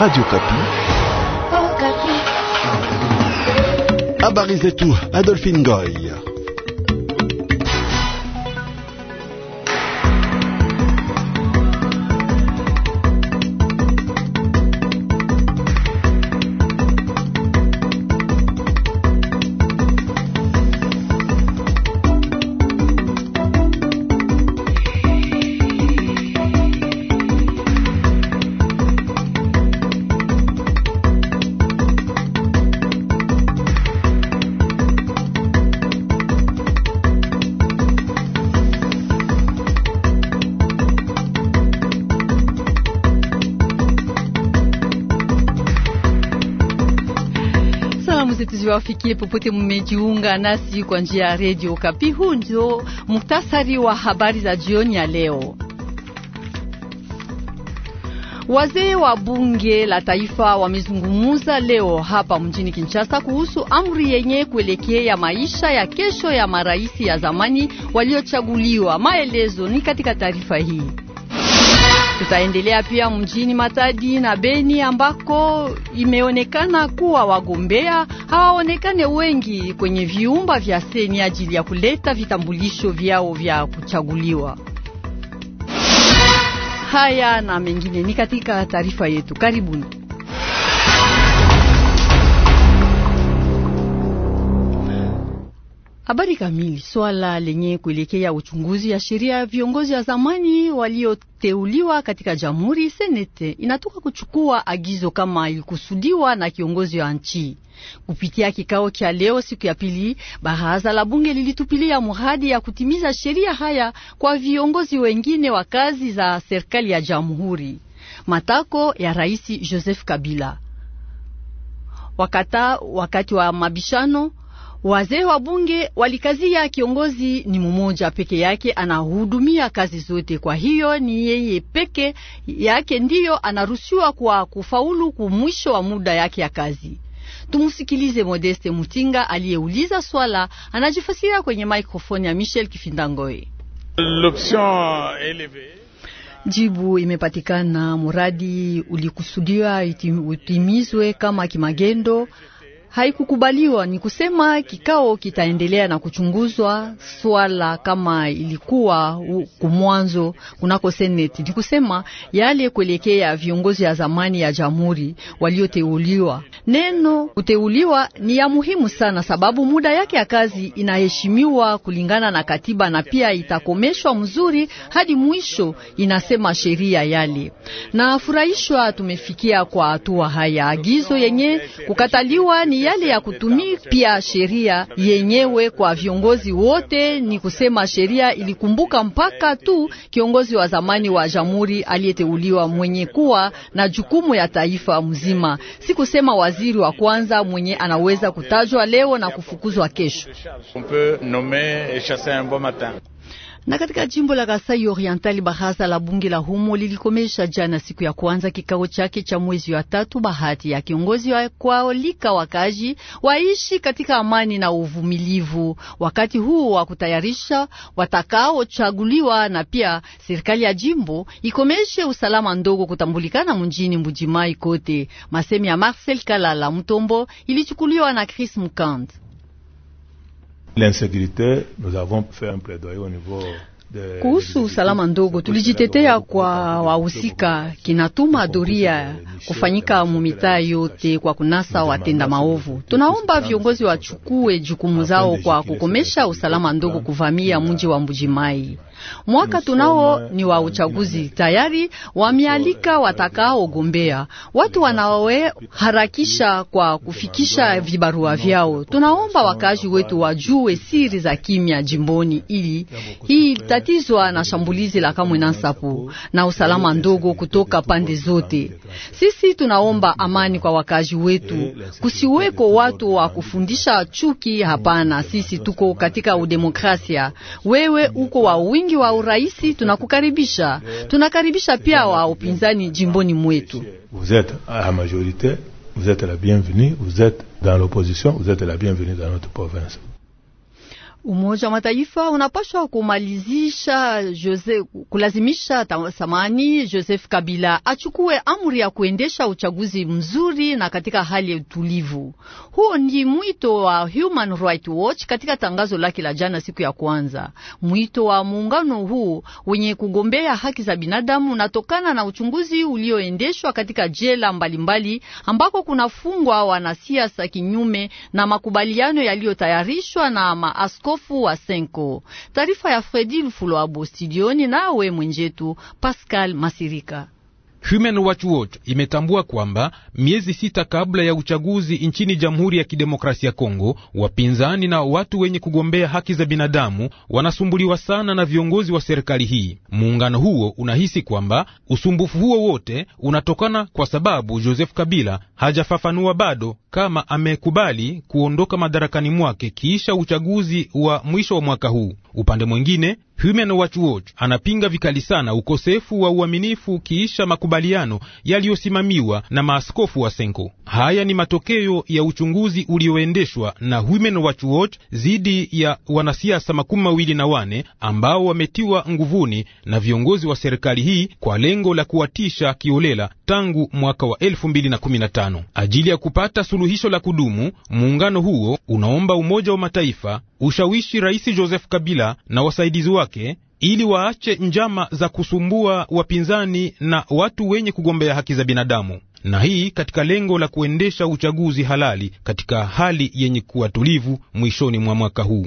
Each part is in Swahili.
Radio Kapi. Oh, tout, Habari Adolphine Goy. wafikie popote mmejiunga nasi kwa njia ya redio Kapi. Huu ndio muhtasari wa habari za jioni ya leo. Wazee wa bunge la taifa wamezungumuza leo hapa mjini Kinshasa kuhusu amri yenye kuelekea maisha ya kesho ya marais ya zamani waliochaguliwa. Maelezo ni katika taarifa hii. Tutaendelea pia mjini Matadi na Beni ambako imeonekana kuwa wagombea hawaonekane wengi kwenye viumba vya seni ajili ya kuleta vitambulisho vyao vya kuchaguliwa. Haya na mengine ni katika taarifa yetu. Karibuni. Habari kamili. Swala lenye kuelekea uchunguzi ya sheria ya viongozi wa zamani walioteuliwa katika jamhuri, senete inatoka kuchukua agizo kama ilikusudiwa na kiongozi wa nchi. Kupitia kikao cha leo, siku ya pili, baraza la bunge lilitupilia mradi ya kutimiza sheria haya kwa viongozi wengine wa kazi za serikali ya jamhuri, matako ya Rais Joseph Kabila wakata wakati wa mabishano Wazee wa bunge walikazia kiongozi ni mmoja peke yake anahudumia kazi zote, kwa hiyo ni yeye peke yake ndiyo anaruhusiwa kwa kufaulu kumwisho wa muda yake ya kazi. Tumusikilize Modeste Mutinga aliyeuliza swala, anajifasiria kwenye mikrofoni ya Michel Kifindangoe. Jibu imepatikana, muradi ulikusudiwa utimizwe kama kimagendo haikukubaliwa. Ni kusema kikao kitaendelea na kuchunguzwa swala kama ilikuwa kumwanzo kunako seneti. Ni kusema yale kuelekea viongozi ya zamani ya jamhuri walioteuliwa. Neno kuteuliwa ni ya muhimu sana, sababu muda yake ya kazi inaheshimiwa kulingana na katiba na pia itakomeshwa mzuri hadi mwisho, inasema sheria yale. Na furahishwa tumefikia kwa hatua haya. Agizo yenye kukataliwa ni yale ya kutumikia sheria yenyewe kwa viongozi wote. Ni kusema sheria ilikumbuka mpaka tu kiongozi wa zamani wa jamhuri aliyeteuliwa mwenye kuwa na jukumu ya taifa mzima, si kusema waziri wa kwanza mwenye anaweza kutajwa leo na kufukuzwa kesho. Na katika jimbo la Kasai Oriental, baraza la bunge la humo lilikomesha jana siku ya kwanza kikao chake cha mwezi wa tatu bahati ya kiongozi wa kualika wakaji waishi katika amani na uvumilivu wakati huu wa kutayarisha watakaochaguliwa, na pia serikali ya jimbo ikomeshe usalama ndogo kutambulikana mjini Mbujimai kote. Masemi ya Marcel Kalala Mtombo ilichukuliwa na Chris mkand L'insécurité, nous avons fait un plaidoyer au niveau kuhusu usalama ndogo tulijitetea kwa wahusika, kinatuma doria kufanyika mumitaa yote kwa kunasa watenda maovu. Tunaomba viongozi wachukue jukumu zao kwa kukomesha usalama ndogo kuvamia mji wa Mbujimai. Mwaka tunao ni wa uchaguzi tayari, wamealika watakaogombea. Watu wanaowe harakisha kwa kufikisha vibarua vyao. Tunaomba wakazi wetu wajue siri za kimya jimboni, ili hii tatizwa na shambulizi la Kamwina Nsapu na usalama ndogo kutoka pande zote. Sisi tunaomba amani kwa wakazi wetu, kusiweko watu wa kufundisha chuki. Hapana, sisi tuko katika udemokrasia. Wewe uko wa wingi wingi wa uraisi tunakukaribisha. Tunakaribisha pia wa upinzani jimboni mwetu. Vous êtes la majorité, vous êtes la bienvenue, vous êtes dans l'opposition, vous êtes la bienvenue dans notre province. Umoja wa Mataifa unapaswa kumalizisha Jose, kulazimisha samani Joseph Kabila achukue amri ya kuendesha uchaguzi mzuri na katika hali ya utulivu. Huo ndi mwito wa Human Rights Watch katika tangazo lake la jana siku ya kwanza. Mwito wa muungano huu wenye kugombea haki za binadamu unatokana na uchunguzi ulioendeshwa katika jela mbalimbali mbali, ambako kunafungwa wanasiasa kinyume na makubaliano yaliyotayarishwa na maasko askofu wa Senko. Taarifa ya Fredi Lufulo Abo, studioni nawe mwenjetu Pascal Masirika. Human Watch Watch imetambua kwamba miezi sita kabla ya uchaguzi nchini Jamhuri ya Kidemokrasia ya Kongo, wapinzani na watu wenye kugombea haki za binadamu wanasumbuliwa sana na viongozi wa serikali hii. Muungano huo unahisi kwamba usumbufu huo wote unatokana kwa sababu Joseph Kabila hajafafanua bado kama amekubali kuondoka madarakani mwake kisha uchaguzi wa mwisho wa mwaka huu. Upande mwingine Human Watch Watch anapinga vikali sana ukosefu wa uaminifu kiisha makubaliano yaliyosimamiwa na maaskofu wa Senko. Haya ni matokeo ya uchunguzi ulioendeshwa na Human Watch Watch dhidi ya wanasiasa makumi mawili na wane ambao wametiwa nguvuni na viongozi wa serikali hii kwa lengo la kuwatisha kiolela tangu mwaka wa 2015. Ajili ya kupata suluhisho la kudumu, muungano huo unaomba Umoja wa Mataifa ushawishi Rais Joseph Kabila Kabila na wasaidizi wake ili waache njama za kusumbua wapinzani na watu wenye kugombea haki za binadamu, na hii katika lengo la kuendesha uchaguzi halali katika hali yenye kuwa tulivu mwishoni mwa mwaka huu.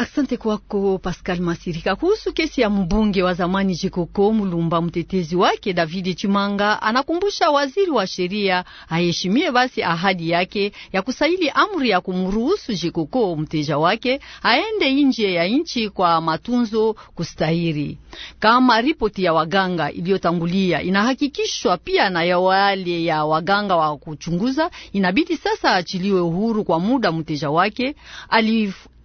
Asante kwako Pascal Masirika. Kuhusu kesi ya mbunge wa zamani Jikoko Mulumba, mtetezi wake David Chimanga anakumbusha waziri wa sheria aheshimie basi ahadi yake ya kusaili amri ya kumruhusu Jikoko, mteja wake, aende nje ya nchi kwa matunzo kustahiri, kama ripoti ya waganga iliyotangulia inahakikishwa pia na ya wale ya waganga wa kuchunguza. Inabidi sasa achiliwe uhuru kwa muda mteja wake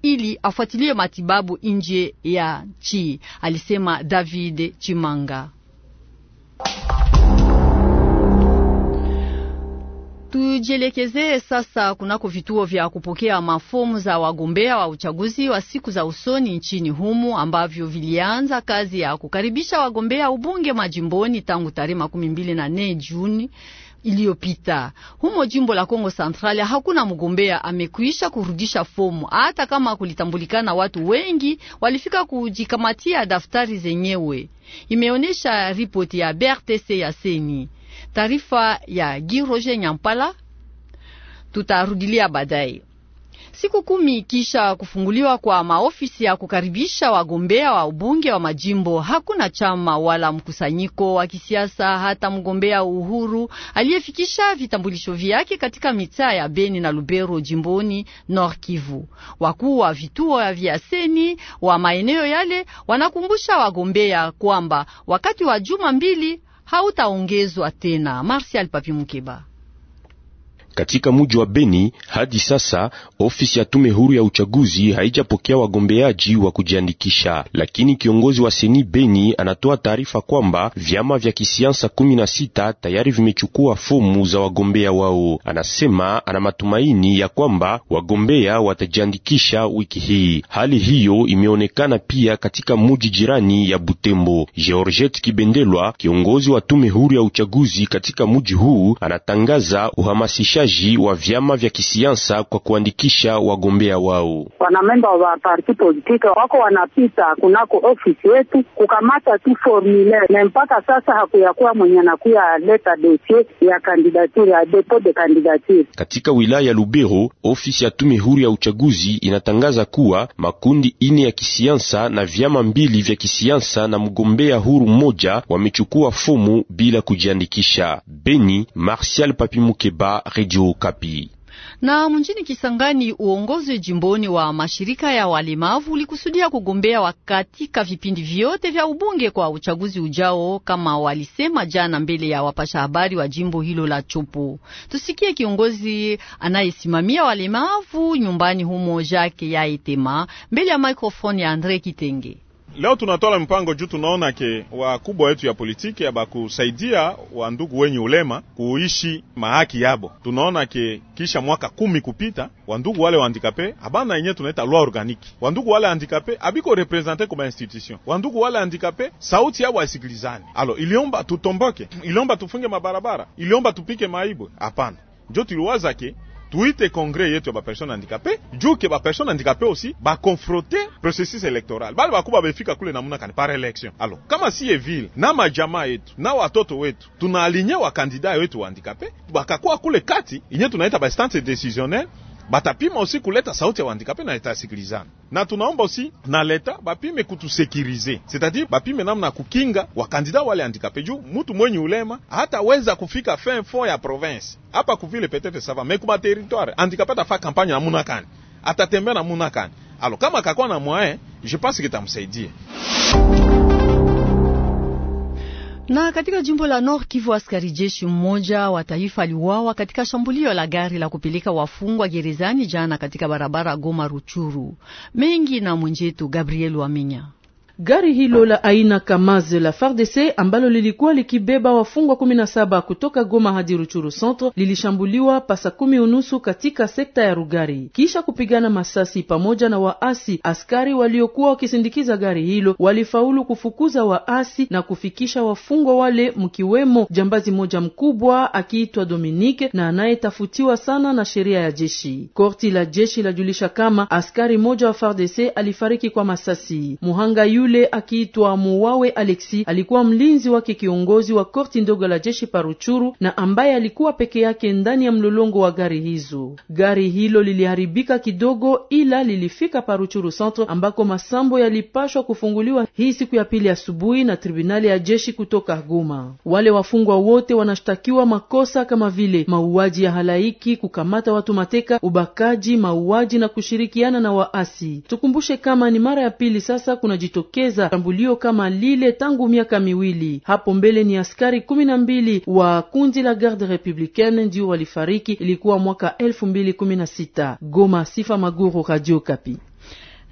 ili afuatilie matibabu nje ya nchi, alisema David Chimanga. Tujielekeze sasa kunako vituo vya kupokea mafomu za wagombea wa uchaguzi wa siku za usoni nchini humu ambavyo vilianza kazi ya kukaribisha wagombea ubunge majimboni tangu tarehe makumi mbili na nne Juni iliyopita. Humo jimbo la Kongo Central hakuna mgombea amekwisha kurudisha fomu, hata kama kulitambulikana watu wengi walifika kujikamatia daftari zenyewe, imeonyesha ripoti ya BRTC ya Seni. Taarifa ya Giroje Nyampala tutarudilia baadaye. Siku kumi kisha kufunguliwa kwa maofisi ya kukaribisha wagombea wa ubunge wa majimbo, hakuna chama wala mkusanyiko wa kisiasa, hata mgombea uhuru aliyefikisha vitambulisho vyake katika mitaa ya Beni na Lubero jimboni Nord Kivu. Wakuu wa vituo vya seni wa maeneo yale wanakumbusha wagombea kwamba wakati wa juma mbili hautaongezwa tena. Marsial Papi Mukeba katika muji wa Beni hadi sasa ofisi ya tume huru ya uchaguzi haijapokea wagombeaji wa kujiandikisha, lakini kiongozi wa seni Beni anatoa taarifa kwamba vyama vya kisiasa kumi na sita tayari vimechukua fomu za wagombea wao. Anasema ana matumaini ya kwamba wagombea watajiandikisha wiki hii. Hali hiyo imeonekana pia katika muji jirani ya Butembo. Georgette Kibendelwa, kiongozi wa tume huru ya uchaguzi katika muji huu, anatangaza uhamasisha uendeshaji wa vyama vya kisiasa kwa kuandikisha wagombea wao. Wanamemba wa parti politika wako wanapita kunako ofisi yetu kukamata tu formulaire, na mpaka sasa hakuyakuwa mwenye anakuya leta dosie ya kandidature ya depo de kandidature. Katika wilaya ya Lubero, ofisi ya tume huru ya uchaguzi inatangaza kuwa makundi ine ya kisiasa na vyama mbili vya kisiasa na mgombea huru mmoja wamechukua fomu bila kujiandikisha. Beni, Martial Papimukeba, Radio Radio Kapi. Na mjini Kisangani, uongozi jimboni wa mashirika ya walemavu ulikusudia kugombea ka vipindi vyote vya ubunge kwa uchaguzi ujao, kama walisema jana mbele ya wapasha habari wa jimbo hilo la Chupu. Tusikie kiongozi anayesimamia walemavu nyumbani humo, jake Yaitema, mbele ya microphone ya Andre Kitenge. Leo tunatola mpango juu tunaona ke wakubwa wetu ya politiki abakusaidia ndugu wenye ulema kuishi mahaki yabo. Tunaona ke kisha mwaka kumi kupita wandugu wale handicapé abana yenye tunaita loi organiki, wandugu wale handicapé abiko represente kuma institution, wandugu wale handicapé sauti yabo asikilizani. Alo iliomba tutomboke, iliomba tufunge mabarabara, iliomba tupike maibwe? Hapana, njo ke tuite kongre yetu ya bapersone handikape juke bapersone handikape osi bakonfronte processus elektoral bale bakuba befika kule namunakani par election alo kama siye ville na majama yetu na watoto wetu tunaalinye wakandida wetu wandikape bakakuwa kule kati inye tunaita bainstance decisionnelle batapima osi kuleta sauti ya wandikape na leta sikilizana na tunaomba osi na leta bapime kutusekirize, setadiri bapime namna ya kukinga wakandida wale andikape, juu mutu mwenye ulema hataweza kufika fin fond ya province hapa kuvile petete sava mekuma territoire andikape tafa kampanye na munakani atatembea na munakani alo kama kakwa na mwae je pense kitamsaidia na katika jimbo la Nord Kivu askari jeshi mmoja wa taifa aliuawa katika shambulio la gari la kupeleka wafungwa gerezani jana katika barabara Goma Ruchuru. Mengi na mwenjetu Gabriel Waminya. Gari hilo la aina Kamaze la FARDC ambalo lilikuwa likibeba wafungwa 17 kutoka Goma hadi Ruchuru Centre lilishambuliwa pasa kumi unusu katika sekta ya Rugari kisha kupigana masasi pamoja na waasi. Askari waliokuwa wakisindikiza gari hilo walifaulu kufukuza waasi na kufikisha wafungwa wale, mkiwemo jambazi moja mkubwa akiitwa Dominique na anayetafutiwa sana na sheria ya jeshi. Korti la jeshi lajulisha kama askari moja wa FARDC alifariki kwa masasi. Muhanga yule yule akiitwa Muwawe Alexi alikuwa mlinzi wake kiongozi wa korti ndogo la jeshi paruchuru na ambaye alikuwa peke yake ndani ya mlolongo wa gari hizo. Gari hilo liliharibika kidogo, ila lilifika paruchuru centre ambako masambo yalipashwa kufunguliwa hii siku ya pili asubuhi na tribunali ya jeshi kutoka Goma. Wale wafungwa wote wanashtakiwa makosa kama vile mauaji ya halaiki, kukamata watu mateka, ubakaji, mauaji na kushirikiana na waasi. Tukumbushe kama ni mara ya pili sasa kuna jitokea kutokeza shambulio kama lile tangu miaka miwili hapo mbele. Ni askari kumi na mbili wa kundi la Garde Republicaine ndio walifariki, ilikuwa mwaka elfu mbili kumi na sita. Goma, Sifa Maguru, Radio Kapi.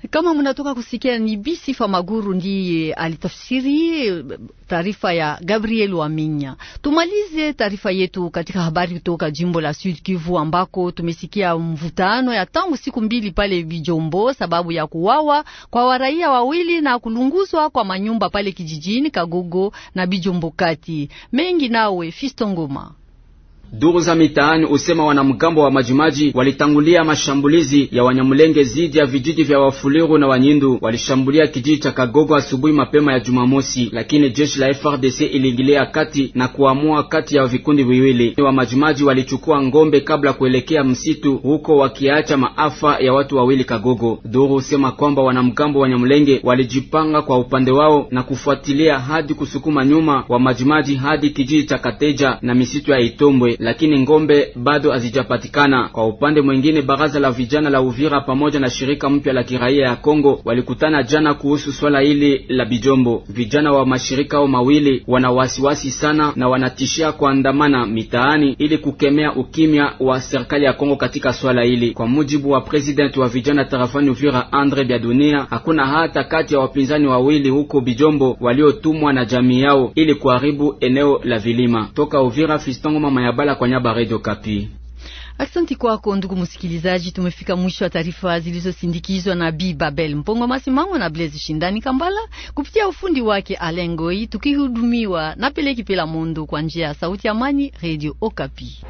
Kama mnatoka kusikia ni Bisifa Maguru ndiye alitafsiri eh, taarifa ya Gabriel Waminya. Tumalize taarifa yetu katika habari kutoka jimbo la Sud Kivu ambako tumesikia mvutano ya tangu siku mbili pale Bijombo sababu ya kuwawa kwa waraia wawili na kulunguzwa kwa manyumba pale kijijini Kagogo na Bijombo kati. Mengi nawe Fisto Ngoma. Duru za mitaani husema wanamgambo wa Majimaji walitangulia mashambulizi ya Wanyamulenge zidi ya vijiji vya Wafuliru na Wanyindu. Walishambulia kijiji cha Kagogo asubuhi mapema ya Jumamosi, lakini jeshi la FRDC iliingilia kati na kuamua kati ya vikundi viwili. Wa Majimaji walichukua ngombe kabla kuelekea msitu huko, wakiacha maafa ya watu wawili Kagogo. Duru husema kwamba wanamgambo wa wanyamulenge walijipanga kwa upande wao na kufuatilia hadi kusukuma nyuma wa Majimaji hadi kijiji cha Kateja na misitu ya Itombwe lakini ngombe bado hazijapatikana. Kwa upande mwingine, baraza la vijana la Uvira pamoja na shirika mpya la kiraia ya Kongo walikutana jana kuhusu swala hili la Bijombo. Vijana wa mashirika hao mawili wana wasiwasi sana na wanatishia kuandamana mitaani ili kukemea ukimya wa serikali ya Kongo katika swala hili. Kwa mujibu wa president wa vijana tarafani Uvira, Andre Biadunia, hakuna hata kati ya wapinzani wawili huko Bijombo waliotumwa na jamii yao ili kuharibu eneo la vilima. Toka Uvira, Fistongo mama ya bala Kalala kwa nyaba Radio Kapi. Aksanti kwako ndugu msikilizaji, tumefika mwisho wa taarifa zilizosindikizwa na Bi Babel Mpongo Masimango na Blaise Shindani Kambala kupitia ufundi wake Alengoi, tukihudumiwa na Peleki Pela Mondo kwa njia ya Sauti ya Amani, Radio Okapi.